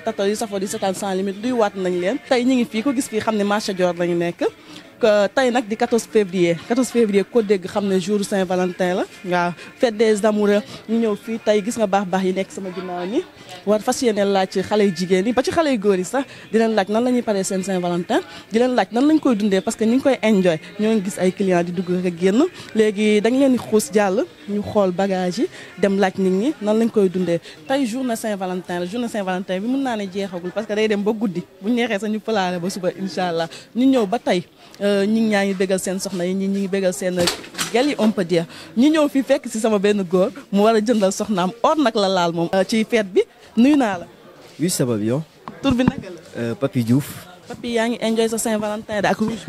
téléspectateurs yi safoo di seetaan sans limite duy waat nañ leen tey ñu ngi fii ko gis fii xam ne marché Dior lañu nekk Euh, tey nag di 14 février 14 février ko dégg xam ne jour Saint-Valentin la waaw fête des ñu ñëw fii tey gis nga baax baax yi nekk sama ginnaaw ni war fas yeneen laaj xale yu jigéen yi ba ci xale yu góor yi sax di leen laaj nan la ñuy paree seen Saint-Valentin di leen laaj nan lañ koy dundee parce que ñu ngi koy enjoy ñoo gis ay clients di dugg ak génn léegi dañ leen di xuus jàll ñu xool bagage yi dem laaj nit ñi nan lañ koy dundee tey journée Saint-Valentin la journée Saint-Valentin bi mun naa ne jeexagul parce que day dem ba guddi bu ñu neexee sax ñu palaare ba suba incha allah ñu ñëw ba tey euh, Euh, ñi ñaa ngi bégal seen soxna yi ñi ñi ngi bégal seen gel yi ompa peut dire ñu ñëw fii fekk si sama benn góor mu war a jëndal soxnaam or nag la laal moom euh, ci fête bi nuyu naa la oui ça va bien tur bi naka la euh, Papy Diouf yaa ngi enjoy sa Saint-Valentin de ak rouge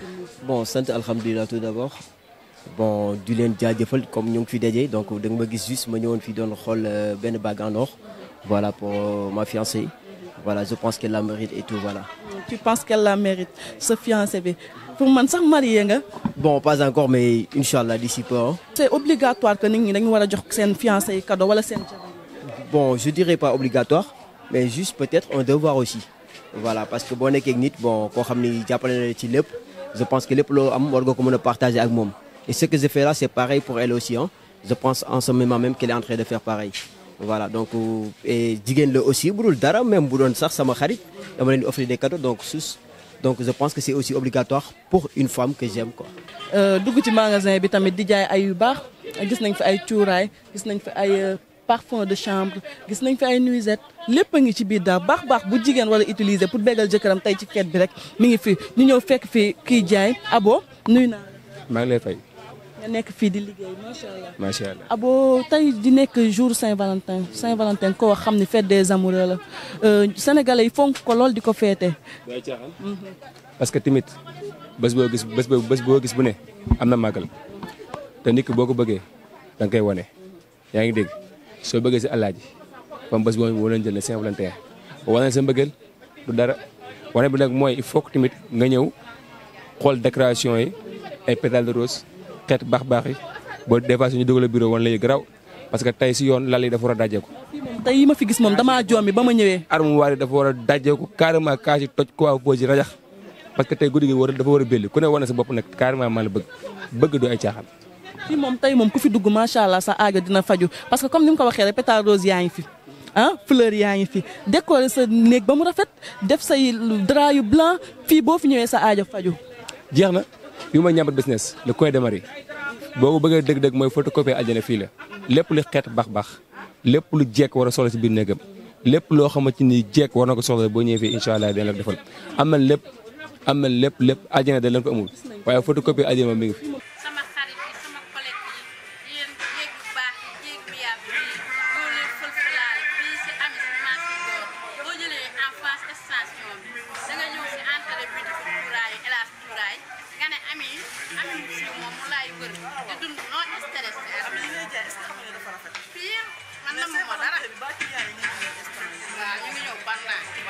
bon sant alhamdulilah tout d'abord bon di leen jaajëfal comme ñu fi dajee donc danga ma gis juste ma ñëwoon fii doon xool benn bague en or voilà pour ma fiancée voilà je pense qu'elle la mérite et tout tu penses qu'elle la mérite sa fiancé bi pour man sax marié nga. bon pas encore mais incha allah d'ici peu hein. c'est obligatoire que nit ñi dañu war a jox seen fiancé yi cadeau wala seen bon je dirais pas obligatoire mais juste peut-être un devoir aussi voilà parce que boo nekkee nit bon koo xam ni jàppale na ci lépp je pense que lépp loo am war nga ko mën a partager ak moom et ce que je fais là c'est pareil pour elle aussi hein je pense en ce voilà donc euh, jigéen la aussi bu dul dara même bu doon sax sama xarit dama leen di offrir des cadeaux donc sus donc je pense que c'est aussi obligatoire pour une femme que j'aime quoi. Euh, dugg ci magasin bi tamit di jaay ay yu baax gis nañ fi ay cuuraay gis nañ fi ay euh, parfum de chambre gis nañ fi ay nuisette lépp a ngi ci biir daal baax baax bu jigéen war utiliser pour bégal jëkkëram tey ci fête bi rek mi ngi fi ñu ñëw fekk fi kii jaay abo nuyu naa. maa ngi lay fay. nga nekk fii di liggéey macha allah. macha allah tey di nekk jour Saint-Valentin Saint-Valentin ko xam ne fête des amoureux la euh, sénégalais yi fonk ko loolu di ko féete. Mhm. parce que tamit bas boo gis bés boo bés boo gis bu ne am na màggal te nit boo ko bëggee da koy wane. yaa ngi dégg soo bëggee si alaaji comme bés boo wane jël ne Saint-Valentin wane sa mbëggeel du dara wane bu nag mooy il faut que nga ñëw xool décoration yi ay pétales de rose. xeet baax baax yi boo des fois suñu dugalee bureau woon lay garaaw parce que tey si yoon lal yi dafa war a dajeeku. tey yi ma fi gis moom damaa joomi ba ma ñëwee. armoire yi dafa war a dajeeku carrément kaas yi toj coiffeuse yi rajax parce que tey guddi gi war dafa war a belli ku ne wane sa bopp nag carrément maa bëgg bëgg du ay caaxaan. fii moom tey moom ku fi dugg macha allah sa aajo dina faju parce que comme ni mu ko waxee rek pétard rose yaa ngi fi. ah yu may ñambat business le coin de Marie boo ko bëggee dëgg-dëgg mooy photocopie àjjana fii la lépp lu xeet baax-baax lépp lu jekk war a soxla si biir néegam lépp loo xamante ni jekk war na ko soxla boo ñëwee fii incha allah dina la defal am na lépp am na lépp lépp àjjana da leen ko amul waaye photocopie àjjana moom mi ngi fi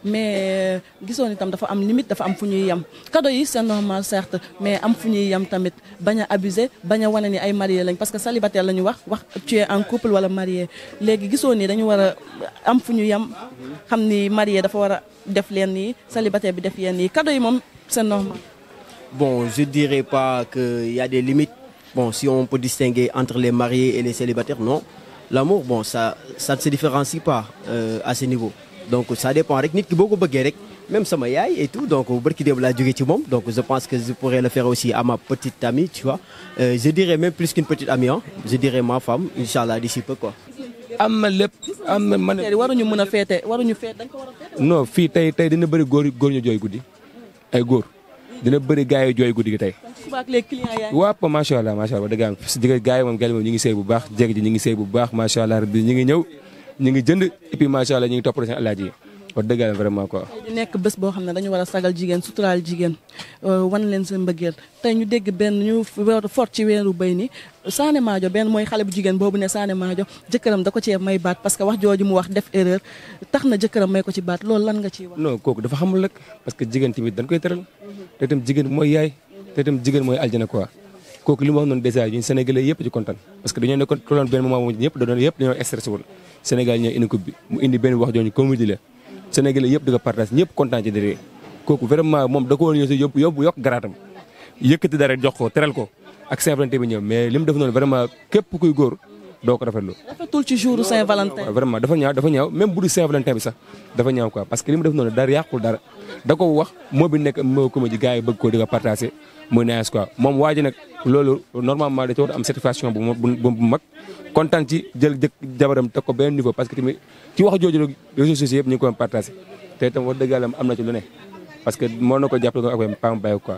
mais euh, gisoon itam dafa am limite dafa am fu ñuy yem cadeau yi c'est normal certes mais am fu ñuy yem tamit bañ a abuser bañ a wane ni ay marié lañ parce que célibataire la ñu wax wax tu en couple wala marié léegi gisoon ni dañu war a am fu ñu yem xam ni marié dafa war a def leen yi célibataire bi def yenn yi cadeau yi moom c'est normal. bon je dirais pas que y a des limites bon si on peut distinguer entre les mariés et les célibataires non l'amour bon sa ça ne se différencie pas euh, donc ça dépend rek nit ki boo ko bëggee rek même sama yaay et tout donc barki démb laa jógee ci moom donc je pense que je pourrais le faire aussi à ma petite amie tu vois euh, je dirais même plus qu'une petite amie hein je dirais ma femme incha allah d'ici peu quoi. am na lépp am na man. mën a féete waruñu féete dañ ko fii tey tey dina bëri góor góor ñu jooy guddi ay góor dina bëri gars yi jooy guddi gi tey. waaw pa macha allah macha allah dëgg yàlla parce que gars yi moom gàllankoor ñu ngi sëy bu baax ñu ngi sëy bu baax macha allah rabbi ñu ngi ñëw. ñu ngi jënd et puis macha allah ñu ngi toppatoo seen alaaji yi wax dëgg yàlla vraiment quoi. di nekk bés boo xam ne dañu war a sagal jigéen suturaal jigéen euh, wan leen seen mbëggeel tey ñu dégg benn ñu fort ci weeru béy ni Sané Madio benn mooy xale bu jigéen boobu ne Sané Madio jëkkëram da ko cee may baat parce que wax jooju mu wax def erreur tax na jëkkëram may ko ci baat loolu lan nga ci wax. non kooku dafa xamul rek parce que jigéen tamit dañ koy tëral mhm. te itam jigéen mooy yaay te itam jigéen mooy aljana quoi. kooku li mu wax noonu dèjà ñun sénégalais yëpp ci kontaan parce que dañoo nekkoon tolloon benn moment moom ñëpp da doon yëpp dañoo stressé woon sénégal ñoo indi coupe bi mu indi benn wax jooju comédie la sénégalais yëpp di ko partage kontaan ci déree kooku vraiment moom da ko si yóbbu yóbbu yokk garaatam yëkkati dara jox ko teral ko ak simplanté bi ñëw mais li mu def noonu vraiment képp kuy góor doo ko rafetlu. rafetul ci jour Saint-Valentin. vraiment dafa ñaaw dafa ñaaw même bu dul Saint-Valentin bi sax dafa ñaaw quoi parce que li mu def noonu dara yàqul dara da wax moo bi nekk moo ko ji gars ko di ko partagé muy neex moom waa ji loolu normalement da ci war am certification bu mag kontaan ci jël jëkk jabaram teg ko benn niveau parce que tamit ci wax jooju rek réseaux sociaux yëpp ñu ngi ko partagé te itam wax dëgg yàlla am na ci lu ne parce que ko jàppale ko ak pam bàyyi quoi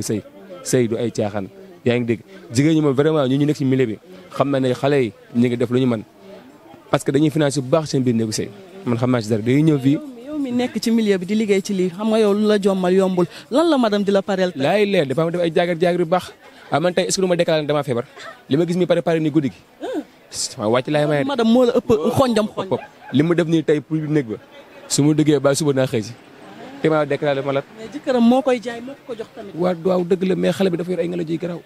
xëy sëy du ay caaxaan yaa ngi dégg jigéen ñu moom vraiment ñu ñu nekk ci milieu bi xam na ne xale yi ñu ngi def lu ñu mën parce que dañuy financé bu baax seen biir néegu sëy man xam naa ci dara ñëw fii yow mi nekk ci milieu bi di liggéey ci lii xam nga yow lu la jommal yombul lan la madame di la pareel laay leer dafa am def ay jaagar jaagar yu baax ah man tey est-ce que du ma feebar li ma gis mi pare pare ni guddi gi ah. waaw laay maye madame moo la ëpp li mu def nii tey pour néeg ba su ma duggee ba suba naa xëy si te maa déclaré malade. mais jëkkëram moo koy jaay moo ko jox tamit. waaw dëgg la mais xale bi dafa yor ay ngelaw ji garaaw.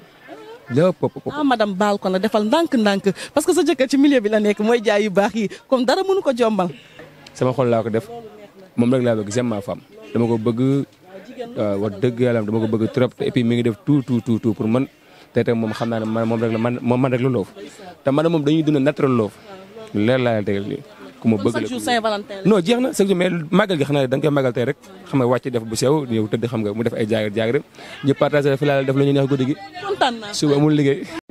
lépp ah madame baal ko na defal ndànk-ndànk parce que sa jëkkër ci milieu bi la nekk mooy jaay yu baax yi comme dara mënu ko jombal. sama xol laa ko def moom rek laa bëgg j'aime ma femme dama ko bëgg waaw euh, wax dëgg yàlla ko bëgg trop te mi ngi def tout tout tout tout pour man te itam moom xam naa ne man moom rek la man man rek la loofu te man moom dañuy dund naturel loofu leer laa la tegal ku ma bëgg la non jeex na chaque gi xam naa dañ koy màggal tey rek xam nga wàcc def bu sew ñëw tëdd xam nga mu def ay jaagar jaagar ñu partagé fi laal def lu ñu neex guddi gi suba amul liggéey